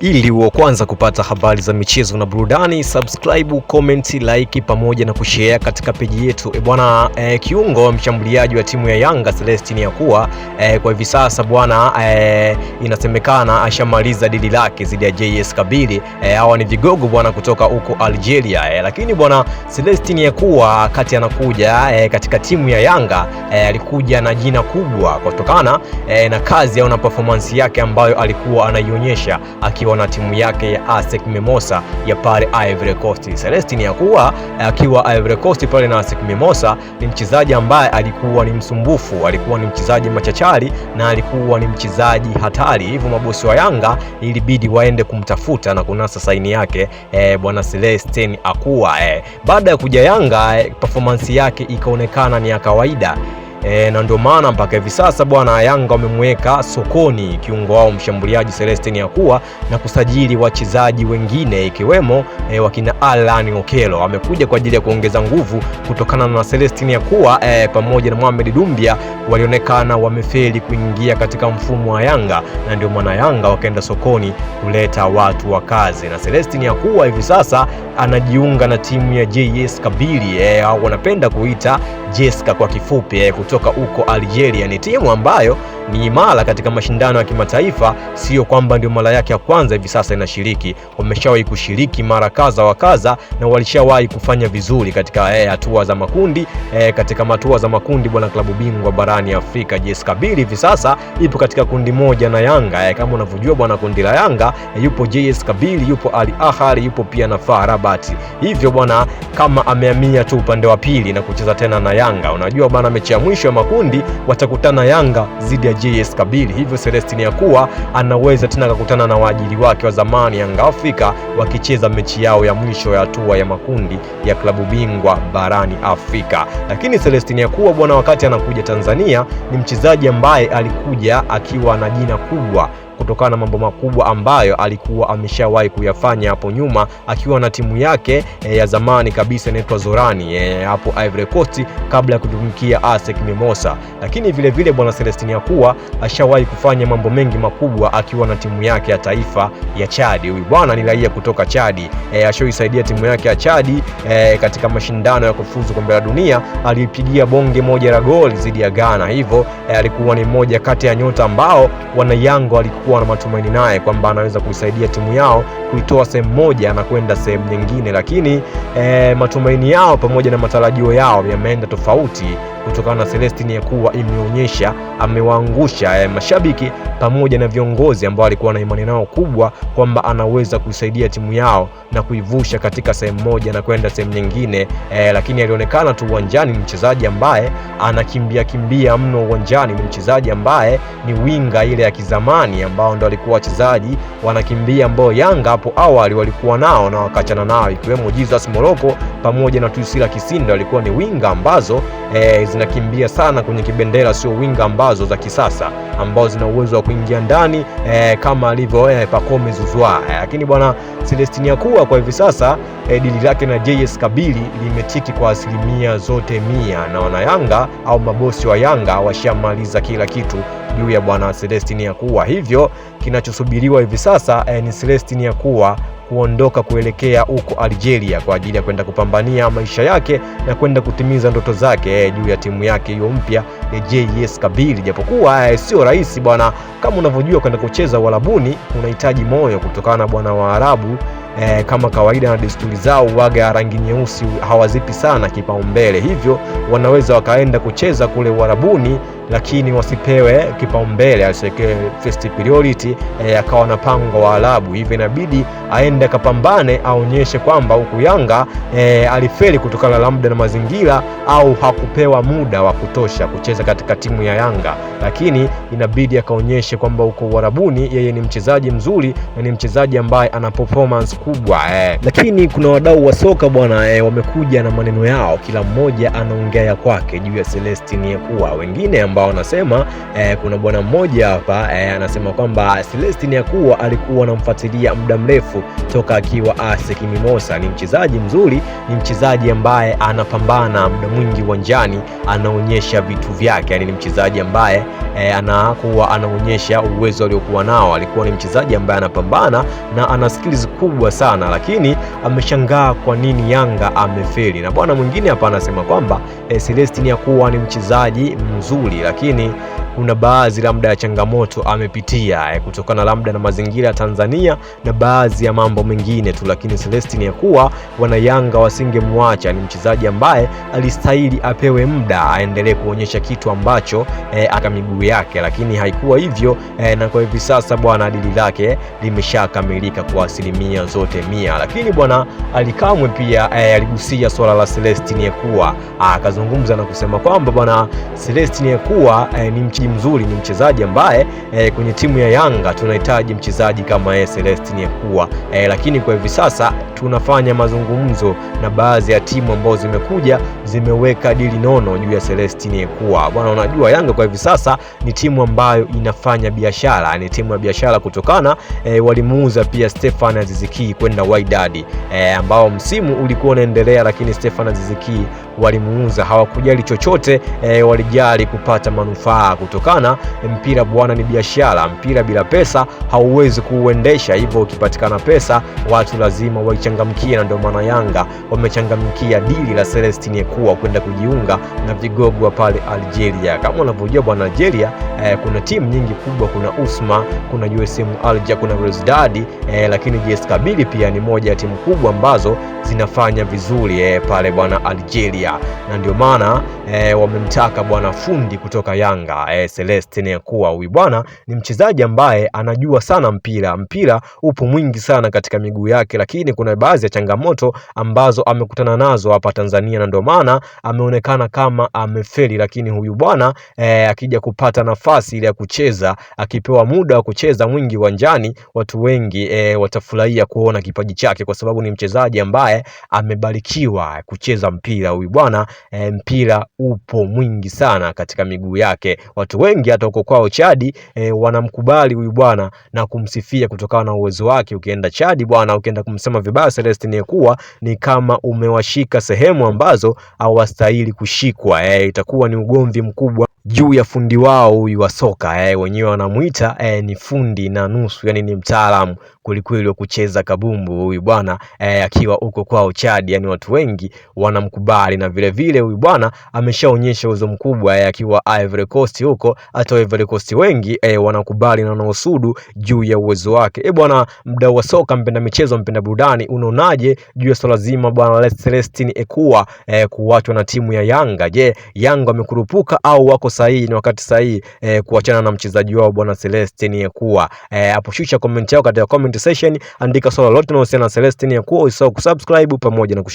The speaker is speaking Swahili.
Ili wa kwanza kupata habari za michezo na burudani, subscribe, comment, like pamoja na kushare katika peji yetu. E bwana e, kiungo mshambuliaji wa timu ya Yanga Celestine Yakuwa e, kwa hivi sasa bwana e, inasemekana ashamaliza dili lake zidi ya JS Kabili. E, hawa ni vigogo bwana kutoka huko Algeria e, lakini bwana Celestine Yakuwa kati anakuja e, katika timu ya Yanga e, alikuja na jina kubwa kutokana e, na kazi au na performance yake ambayo alikuwa anaionyesha aki akiwa na timu yake ya ASEC Mimosa ya pale Ivory Coast. Celestin Yakuwa eh, akiwa Ivory Coast pale na ASEC Mimosa ni mchezaji ambaye alikuwa ni msumbufu, alikuwa ni mchezaji machachari na alikuwa ni mchezaji hatari, hivyo mabosi wa Yanga ilibidi waende kumtafuta na kunasa saini yake e, bwana Celestin Akua e. Eh. Baada ya kuja Yanga e, performance yake ikaonekana ni ya kawaida. E, na ndio maana mpaka hivi sasa bwana Yanga wamemweka sokoni kiungo wao mshambuliaji Celestin Yakuwa na kusajili wachezaji wengine ikiwemo e, wakina Alan Okelo amekuja kwa ajili ya kuongeza nguvu kutokana na Celestin Yakuwa e, pamoja na Mohamed Dumbia walionekana wamefeli kuingia katika mfumo wa Yanga, na ndio maana Yanga wakaenda sokoni kuleta watu wa kazi, na Celestin Yakuwa hivi sasa anajiunga na timu ya JS Kabili e, au wanapenda kuita Jeska kwa kifupi, eh, kutoka huko Algeria. Ni timu ambayo ni imara katika mashindano ya kimataifa, sio kwamba ndio mara yake ya kwanza hivi sasa inashiriki. Wameshawahi kushiriki mara kaza wa kaza na walishawahi kufanya vizuri katika eh, hatua e, za makundi e, katika hatua za makundi bwana, klabu bingwa barani Afrika JS Kabili hivi sasa ipo katika kundi moja na Yanga e, kama unavyojua bwana, kundi la Yanga e, yupo JS Kabili, yupo Al Ahly, yupo pia na FAR Rabat. Hivyo bwana, kama amehamia tu upande wa pili na kucheza tena na Yanga, unajua bwana, mechi ya mwisho ya makundi watakutana Yanga zidi ya JS Kabili. Hivyo Celestine Yakuwa anaweza tena kukutana na waajili wake wa zamani Yanga Afrika wakicheza mechi yao ya mwisho ya hatua ya makundi ya klabu bingwa barani Afrika. Lakini Celestine Yakuwa bwana, wakati anakuja Tanzania, ni mchezaji ambaye alikuja akiwa na jina kubwa kutokana na mambo makubwa ambayo alikuwa ameshawahi kuyafanya hapo nyuma akiwa na timu yake e, ya zamani kabisa inaitwa Zorani e, hapo Ivory Coast kabla ya kutumikia ASEC Mimosa. Lakini vile vile bwana Celestine Yakuwa ashawahi kufanya mambo mengi makubwa akiwa na timu yake ya taifa ya Chadi. Huyu bwana ni raia kutoka Chadi e, eh, ashoisaidia timu yake ya Chadi e, katika mashindano ya kufuzu kombe la dunia alipigia bonge moja la goli dhidi ya Ghana. Hivyo e, alikuwa ni mmoja kati ya nyota ambao wana Yanga walikuwa kuwa na matumaini naye kwamba anaweza kuisaidia timu yao kuitoa sehemu moja na kwenda sehemu nyingine, lakini e, matumaini yao pamoja na matarajio yao yameenda tofauti kutokana na Celestine ya kuwa imeonyesha amewaangusha e, mashabiki pamoja na viongozi ambao alikuwa na imani nao kubwa kwamba anaweza kuisaidia timu yao na kuivusha katika sehemu moja na kwenda sehemu nyingine e, lakini alionekana tu uwanjani ni mchezaji ambaye anakimbia kimbia mno uwanjani, ni mchezaji ambaye ni winga ile ya kizamani ambao ndo walikuwa wachezaji wanakimbia ambao Yanga hapo awali walikuwa nao na wakachana nao, ikiwemo Jesus Moroko pamoja na Tuisila Kisinda, walikuwa ni winga ambazo e, zinakimbia sana kwenye kibendera, sio winga ambazo za kisasa ambao zina uwezo wa kuingia ndani e, kama alivyo e, Pacome Zouzoua e, lakini bwana Celestini Yakua kwa hivi sasa e, dili lake na JS Kabili limetiki kwa asilimia zote mia, na wana Yanga au mabosi wa Yanga washamaliza kila kitu juu ya bwana Celestine Yakuwa. Hivyo kinachosubiriwa hivi sasa eh, ni Celestine Yakuwa kuondoka kuelekea huko Algeria kwa ajili ya kwenda kupambania maisha yake na kwenda kutimiza ndoto zake eh, juu ya timu yake hiyo mpya ya eh, JS Kabylie. Japokuwa eh, sio rahisi bwana, kama unavyojua kwenda kucheza Uarabuni unahitaji moyo kutokana na bwana Waarabu e, kama kawaida na desturi zao waga rangi nyeusi hawazipi sana kipaumbele, hivyo wanaweza wakaenda kucheza kule Uarabuni lakini wasipewe kipaumbele, asiwekewe first priority e, akawa na pango wa Arabu. Hivyo inabidi aende akapambane, aonyeshe kwamba huku Yanga e, alifeli kutokana labda na mazingira au hakupewa muda wa kutosha kucheza katika timu ya Yanga, lakini inabidi akaonyeshe kwamba huko Uarabuni yeye ni mchezaji mzuri na ni mchezaji ambaye ana performance kubwa eh. Lakini kuna wadau wa soka bwana eh, wamekuja na maneno yao, kila mmoja anaongea ya kwake juu ya Celestin Yakua. Wengine ambao wanasema eh, kuna bwana mmoja hapa eh, anasema kwamba Celestin Yakua alikuwa anamfuatilia muda mrefu toka akiwa ASEC Mimosas. Ni mchezaji mzuri, ni mchezaji ambaye anapambana muda mwingi uwanjani, anaonyesha vitu vyake, yani ni mchezaji ambaye eh, anakuwa anaonyesha uwezo aliokuwa nao. Alikuwa ni mchezaji ambaye anapambana na ana skills kubwa sana, lakini ameshangaa kwa nini Yanga amefeli. Na bwana mwingine hapa anasema kwamba e, Celestine Yakuwa ni mchezaji mzuri, lakini kuna baadhi labda ya changamoto amepitia eh, kutokana labda na mazingira ya Tanzania na baadhi ya mambo mengine tu, lakini Celestine ya kuwa wana Yanga wasingemwacha. Ni mchezaji ambaye alistahili apewe muda aendelee kuonyesha kitu ambacho eh, aka miguu yake, lakini haikuwa hivyo eh, na kwa hivi sasa bwana dili lake limeshakamilika kwa asilimia zote mia. Lakini bwana Alikamwe pia eh, aligusia swala la Celestine ya kuwa ah, akazungumza na kusema kwamba bwana Celestine ya kuwa eh, ni mchi mchezaji mzuri, ni mchezaji ambaye e, kwenye timu ya Yanga tunahitaji mchezaji kama yeye Celestine Ekua e, eh, lakini kwa hivi sasa tunafanya mazungumzo na baadhi ya timu ambazo zimekuja zimeweka dili nono juu ya Celestine Ekua. Bwana, unajua Yanga kwa hivi sasa ni timu ambayo inafanya biashara, ni timu ya biashara kutokana e, walimuuza pia Stefan Aziziki kwenda Wydad e, ambao msimu ulikuwa unaendelea, lakini Stefan Aziziki walimuuza, hawakujali chochote e, walijali kupata manufaa kutoka kutokana mpira bwana, ni biashara. Mpira bila pesa hauwezi kuuendesha, hivyo ukipatikana pesa watu lazima waichangamkie, na ndio maana Yanga wamechangamkia dili la Celestine Ekua kwenda kujiunga na vigogo wa pale Algeria. Kama unavyojua bwana, Algeria eh, kuna timu nyingi kubwa, kuna Usma, kuna USM Alger, kuna Belouizdad eh, lakini JS Kabylie pia ni moja ya timu kubwa ambazo zinafanya vizuri eh, pale bwana Algeria, na ndio maana e, wamemtaka bwana fundi kutoka Yanga e, eh, Celestine kuwa huyu bwana ni mchezaji ambaye anajua sana mpira. Mpira upo mwingi sana katika miguu yake, lakini kuna baadhi ya changamoto ambazo amekutana nazo hapa Tanzania na ndio maana ameonekana kama amefeli. Lakini huyu bwana e, akija kupata nafasi ile ya kucheza, akipewa muda wa kucheza mwingi uwanjani, watu wengi e, watafurahia kuona kipaji chake, kwa sababu ni mchezaji ambaye amebarikiwa kucheza mpira huyu bwana e, mpira upo mwingi sana katika miguu yake. Watu wengi hata huko kwao Chadi e, wanamkubali huyu bwana na kumsifia kutokana na uwezo wake. Ukienda Chadi bwana, ukienda kumsema vibaya Celestine kuwa ni kama umewashika sehemu ambazo hawastahili kushikwa e, itakuwa ni ugomvi mkubwa juu ya fundi wao huyu wa soka e, wenyewe wanamuita e, ni fundi na nusu, yani ni mtaalamu kwelikweli wa kucheza kabumbu huyu bwana e, akiwa huko kwao Chad, yani watu wengi wanamkubali na vile vile huyu bwana ameshaonyesha uwezo mkubwa e, akiwa Ivory Coast huko, hata Ivory Coast wengi e, wanakubali na wanaosudu juu ya uwezo wake. E bwana, mdau wa soka, mpenda michezo, mpenda burudani, unaonaje juu ya swala zima bwana Celestine Ekua e, kuachwa na timu ya Yanga? Je, Yanga wamekurupuka au wako sahihi, ni wakati sahihi e, kuachana na mchezaji wao bwana Celestine Ekua? E, hapo shusha comment yako katika comment comment section, andika swali lolote linalohusiana na Celestine kuwa Usisahau kusubscribe pamoja na